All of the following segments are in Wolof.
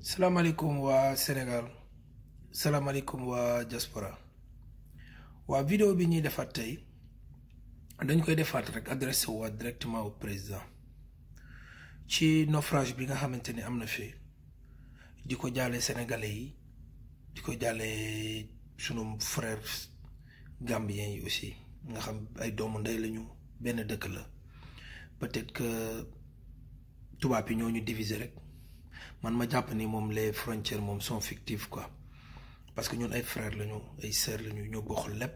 salaamaaleykum waa Sénégal salaamaaleykum waa jaspora waa vidéo bi ñuy defaat tey dañ koy defaat rek adressé waa directement au président ci nofrage bi nga xamante ni am na fi di ko jaale sénégalais yi di ko jaale sunu frère gambien yi aussi nga xam ay doomu ndey lañu benn dëkk la peut-être que tubaab yi ñoo ñu diviser rek. man ma jàpp ni moom les frontières moom sont fictives quoi parce que ñun ay frères lañu ay sœurs lañu ñoo bokk lépp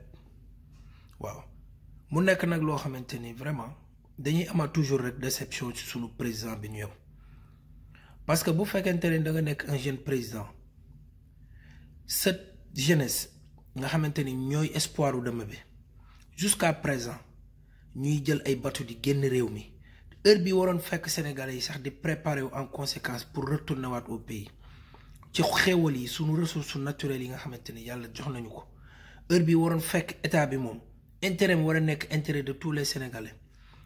waaw mu nekk nag loo xamante ni vraiment dañuy amaat toujours rek déception ci suñu président bi ñu yow parce que bu fekkente ne da nga nekk un jeune président cette jeunesse nga xamante ni ñooy espoiru dema bi jusqu'à présent ñuy jël ay bateau di génn réew mi. heure bi waroon fekk sénégalais yi sax di préparer wu en conséquence pour retourner waat au pays ci xéewal yi sunu ressources naturelles yi nga xamante ni yàlla jox nañu ko heure bi waroon fekk état bi moom intérêt mi war a nekk intére de tous les sénégalais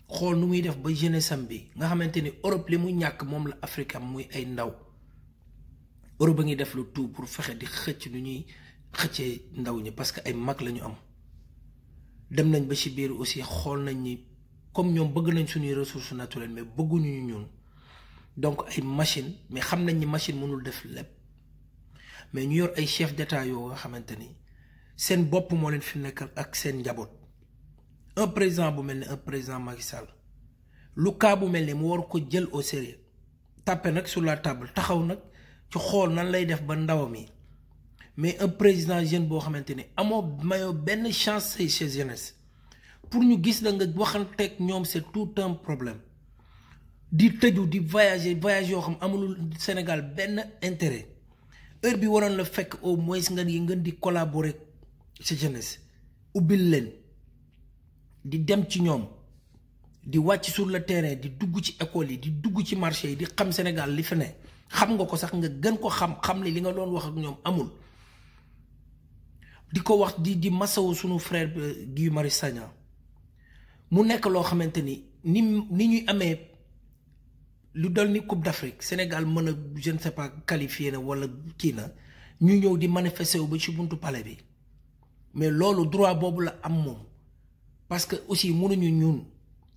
xool nu muy def ba jeunesse am bi nga xamante ni Europe li mu ñàkk moom la Afrique am muy ay ndaw Europe a ngi def lu tout pour fexe di xëcc nu ñuy xëccee ndaw ñi parce que ay mag lañu am dem nañ ba ci biir aussi xool nañ ni. comme ñoom bëgg nañ suñuy ressources naturelles mais bëgguñu ñu ñun donc ay machine mais xam nañ ni machine mënul def lépp mais ñu yor ay chef d'état yoo xamante ni seen bopp moo leen fi nekk ak seen njaboot un président bu mel ni un président Macky Sall lu cas bu mel ne mu waru ko jël au sérieux tàppe nag sur la table taxaw nag ci xool nan lay def ba ndawam yi mais un président jeune boo xamante ni amoo mayoo benn chance chez jeunesse pour ñu gis la nga waxanteeg ñoom c'est tout temps problème di tëju di voyager voyage yoo xam amulul Sénégal benn intéret heure bi waroon la fekk au moins nga yi ngeen di collaborer sa jeunesse ubbil leen di dem ci ñoom di wàcc sur le terrain di dugg ci école yi di dugg ci marché yi di xam Sénégal li fi ne xam nga ko sax nga gën ko xam xam ne li nga doon wax ak ñoom amul di ko wax di di masoo sunu frère euh, gi Marius Sagna mu nekk loo xamante ni ni ni ñuy amee lu dal ni Coupe d'Afrique Sénégal mën a je ne sais pas na wala kii na ñu ñëw di manifester wu ba ci buntu pale bi mais loolu droit boobu la am moom parce que aussi mënuñu ñun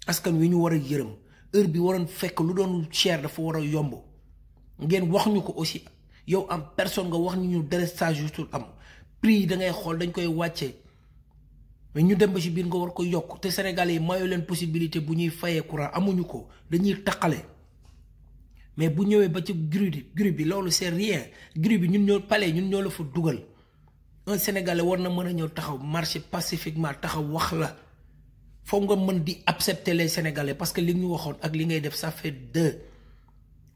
askan wi ñu war a yërëm heure bi waroon fekk lu doon cher dafa war a yomb ngeen wax ñu ko aussi yow am personne nga wax ñu ñu délestage yu am prix yi da ngay xool dañ koy wàcce mais ñu dem ba ci biir nga war ko yokk te Sénégalais yi mayu leen possibilité bu ñuy fayee courant amuñu ko dañuy taqale mais bu ñëwee ba ci grid grid bi loolu c'est rien grid bi ñun ñoo pale ñun ñoo la fa dugal un war na mën a ñëw taxaw marché pacifiquement taxaw wax la foog nga mën di accepter les Sénégalais parce que li ñu waxoon ak li ngay def ça fait deux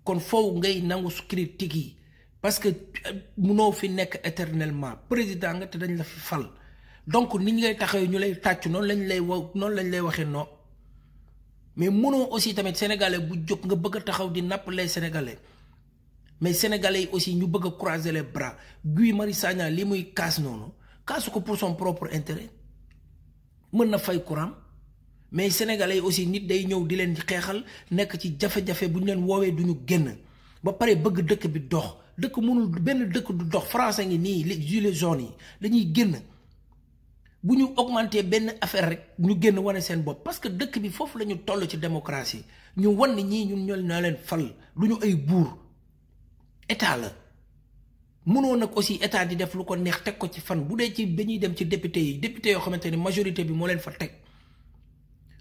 kon foofu ngay nangu su critique yi parce que euh, noo fi nekk éternellement président nga te dañ la fi fal. donc ni ñu lay taxawee ñu lay tàccu noonu lañ lay wa noonu lañ lay waxee non mais mënoo aussi tamit sénégalais bu jóg nga bëgg a taxaw di napp les sénégalais mais sénégalais yi aussi ñu bëgg a croiser les bras Guy Marius Sagna li muy kaas noonu kaasu ko pour son propre intérêt mën na fay courant mais sénégalais yi aussi nit day ñëw di leen xeexal nekk ci jafe-jafe bu ñu leen woowee du ñu génn ba pare bëgg dëkk bi dox dëkk mënul benn dëkk du dox français ngi nii les gilets yi dañuy génn. bu ñu augmenter benn affaire rek ñu génn wane seen bopp parce que dëkk bi foofu la ñu toll ci démocratie ñu wan ni ñii ñun ñoo leen fal lu ñu ay buur état la mënoon nag aussi état di def lu ko neex teg ko ci fan bu dee ci dañuy dem ci député yi député yoo xamante ni majorité bi moo leen fa teg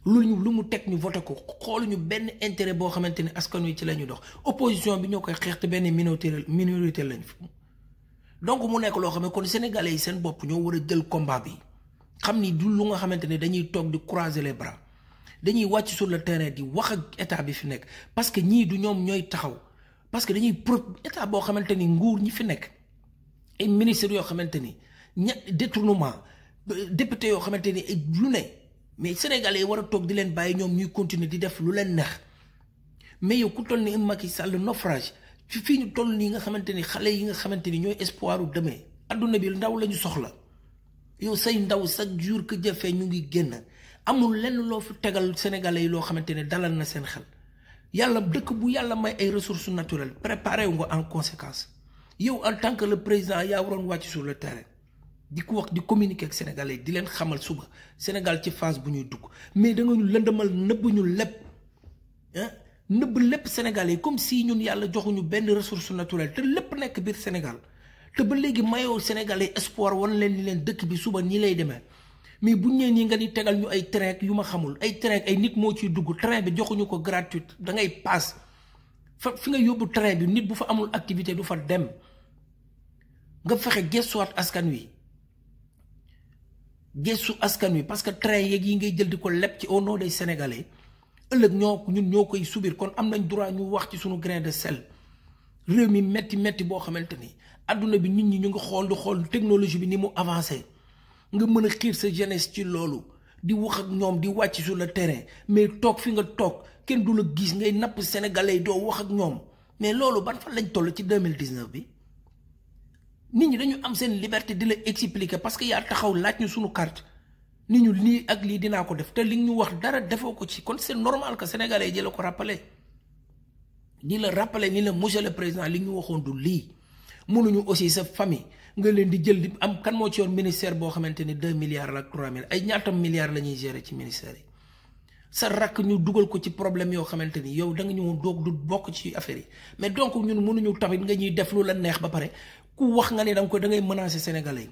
lu ñu lu mu teg ñu voté ko xooluñu benn intérêt boo xamante ni askan wi ci la ñu dox opposition bi ñoo koy xeex te benn minorité minorité lañ fa donc mu nekk loo xam ne kon sénégalais yi seen bopp ñoo war a jël combat bi. xam ni du lu nga xamante ne dañuy toog di croiser les bras dañuy wàcc sur le terrain di wax ak état bi fi nekk parce que ñii du ñoom ñooy taxaw parce que dañuy pro état boo xamante ni nguur ñi fi nekk ay ministres yoo xamante ni ña détournement député yoo xamante ni lu ne mais sénégalais yi war a toog di leen bàyyi ñoom ñuy continuer di def lu leen neex mais yow ku toll ni Macky Sall naufrage ci fii ñu toll nii nga xamante ni xale yi nga xamante ni ñooy espoiru demain adduna bi ndaw la ñu soxla. yow say ndaw chaque jour que jafe ñu ngi génn amul lenn loo fi tegal sénégalais yi loo xamante ne dalal na seen xel yàlla dëkk bu yàlla may ay ressource naturelles préparé wu nga en conséquence yow en tant que le président yaa waroon wàcc sur le terrain di ko wax di communiquer ak sénégalais di leen xamal suba Sénégal ci phase bu ñuy dugg mais da nga ñu nëbb ñu lépp ah nëbb lépp sénégalais comme si ñun yàlla joxuñu benn ressource naturelle te lépp nekk biir Sénégal. te ba léegi mayoo sénégalais espoir wan leen ni leen dëkk bi suba nii lay demee mais buñ nee nii nga ni tegal ñu ay train yu ma xamul ay train ay nit moo ciy dugg train bi joxuñu ko gratuite da ngay paas fa fi nga yóbbu train bi nit bu fa amul activité du fa dem nga fexe gëstuwaat askan wi gëstu askan wi parce que train yeeg yi ngay jël di ko leb ci au nom des sénégalais ëllëg ñoo ñun ñoo koy subir kon am nañ droit ñu wax ci suñu grain de sel réew mi metti metti boo xamante ni. adduna bi nit ñi ñu ngi xool di xool technologie bi ni mu avancé nga mën a xiir sa jeunesse ci loolu di wax ak ñoom di wàcc sur le terrain mais toog fi nga toog kenn du la gis ngay napp sénégalais doo wax ak ñoom mais loolu ban fan lañ toll ci mille 2019 bi nit ñi dañu am seen liberté di la expliquer parce que yaa taxaw laaj ñu suñu carte ni ñu lii ak lii dinaa ko def te li ñu wax dara defoo ko ci kon seen normal que sénégalais ji la ko rappelé ni la rappelé ni la monsieur le président li ñu waxoon du lii mënuñu aussi sa famille nga leen di jël di am kan moo ci yoon ministère boo xamante ni deux milliards la trois mille ay ñaatam milliards la ñuy gérer ci ministère yi sa rakk ñu dugal ko ci problème yoo xamante ni yow da nga ñëw doog du bokk ci affaire yi mais donc ñun mënuñu tamit nga ñuy def lu la neex ba pare ku wax nga ni da nga ko da ngay menacer sénégalais yi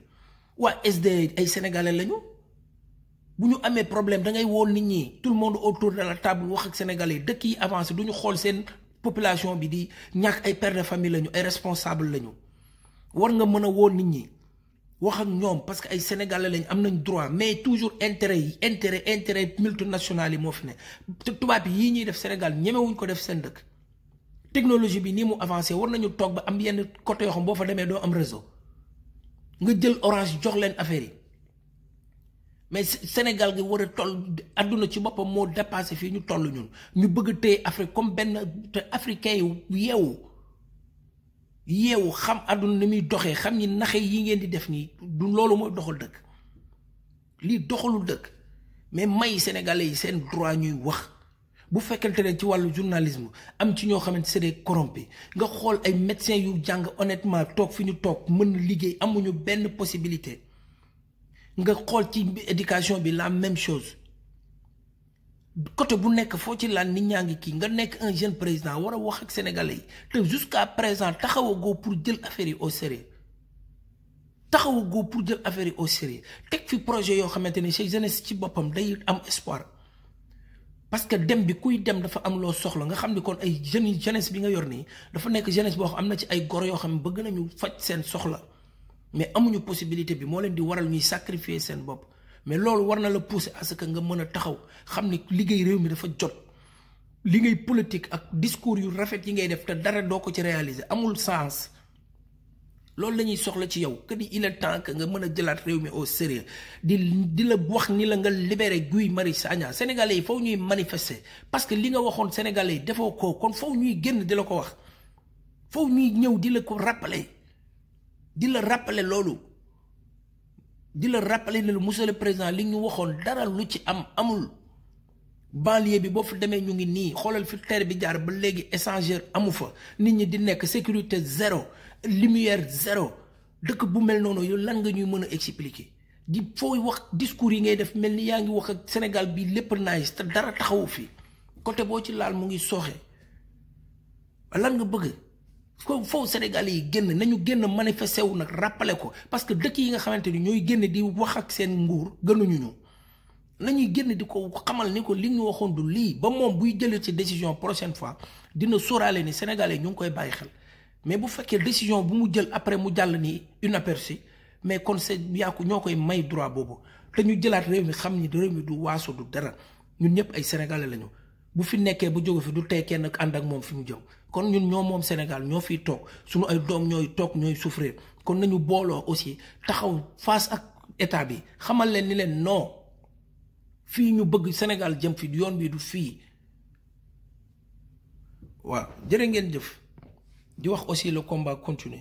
waa SDE ay sénégalais lañu bu ñu amee problème da ngay woon nit ñi tout le monde autour de la table wax ak sénégalais dëkk yi avancé du ñu xool seen population bi di ñàkk ay père de famille lañu ay responsable lañu war nga mën a woon nit ñi wax ak ñoom parce que ay sénégalais lañ am nañ droit mais toujours intérêt yi intérêt intérêt multinational yi moo fi ne te tubaab yi yii ñuy def Sénégal ñemewuñ ko def seen dëkk technologie bi nii mu avancé war nañu toog ba am yenn côté yoo xam boo fa demee doo am réseau nga jël orange jox leen affaire yi. mais Sénégal gi war a toll àdduna ci boppam moo dépassé fii ñu toll ñun ñu bëgg a téye Afrique comme benn te africain yi yeewu yeewu xam àdduna ni muy doxee xam ni nax yi ngeen di def nii du loolu mooy doxal dëkk lii doxalul dëkk mais may sénégalais yi seen droit ñuy wax bu fekkente ne ci wàllu journalisme am ci ñoo xamante ne des corrompus nga xool ay médecins yu jàng honnêtement toog fi ñu toog mën liggéey amuñu benn possibilité. nga xool ci éducation bi la même chose côté bu nekk foo ci laan nit ñaa ngi kii nga nekk un jeune président war a wax ak sénégalais yi te jusqu'à présent taxawagoo pour jël affaire yi au sérieux taxawagoo pour jël affaire yi au sérieux teg fi projet yoo xamante ne chez jeunesse ci boppam day am espoir parce que dem bi kuy dem dafa am loo soxla nga xam ni kon ay jeunes jeunesse bi nga yor nii dafa nekk jeunesse boo xam am na ci ay goro yoo xam ne bëgg nañu faj seen soxla. mais amuñu possibilité bi moo leen di waral ñuy sacrifier seen bopp mais loolu war na la pousser à nga mën a taxaw xam ni liggéey réew mi dafa jot li ngay politique ak discours yu rafet yi ngay def te dara doo ko ci réaliser amul sens loolu la ñuy soxla ci yow que ni il nga mën a jëlaat réew mi au sérieux di di la wax ni la nga libéré Guy Marius Sagna sénégalais yi faw ñuy manifester parce que li nga waxoon sénégalais yi defoo ko kon faw ñuy génn di la ko wax faw ñuy ñëw di la ko rappeler. di la rappeler loolu di la rappeler ne monsieur le président li ñu waxoon dara lu ci am amul banlieue bi boo fa demee ñu ngi nii xoolal fi terre bi jaar ba léegi échangeur amu fa nit ñi di nekk sécurité zéro lumière zéro dëkk bu mel noonu yow lan nga ñuy mën a expliquer di fooy wax discours yi ngay def mel ni yaa ngi wax ak Sénégal bii lépp naaj te dara taxawu fi côté boo ci laal mu ngi sooxe lan nga bëgg. foofu foofu Sénégalais yi génn nañu génn manifesté wu nag rappelé ko parce que dëkk yi nga xamante ni ñooy génn di wax ak seen nguur gënuñu ñu nañuy génn di ko xamal ni ko li ñu waxoon du lii ba moom buy jëlee ci décision prochaine fois dina sóoraale ni Sénégalais ñu ngi koy bàyyi xel mais bu fekkee décision bu mu jël après mu jàll ni inaperçu mais kon c'est yaa ko ñoo koy may droit boobu te ñu jëlaat réew mi xam ni réew mi du waaso du dara ñun ñëpp ay sénégalais lañu. bu fi nekkee bu jóge fi du tey kenn ànd ak moom fi mu jëm kon ñun ñoo moom Sénégal ñoo fiy toog suñu ay doom ñooy toog ñooy souffrir kon nañu booloo aussi taxaw face ak état bi xamal leen ni leen noo fii ñu bëgg Sénégal jëm fi yoon bi du fii waaw jërë ngeen jëf di wax aussi la combat continue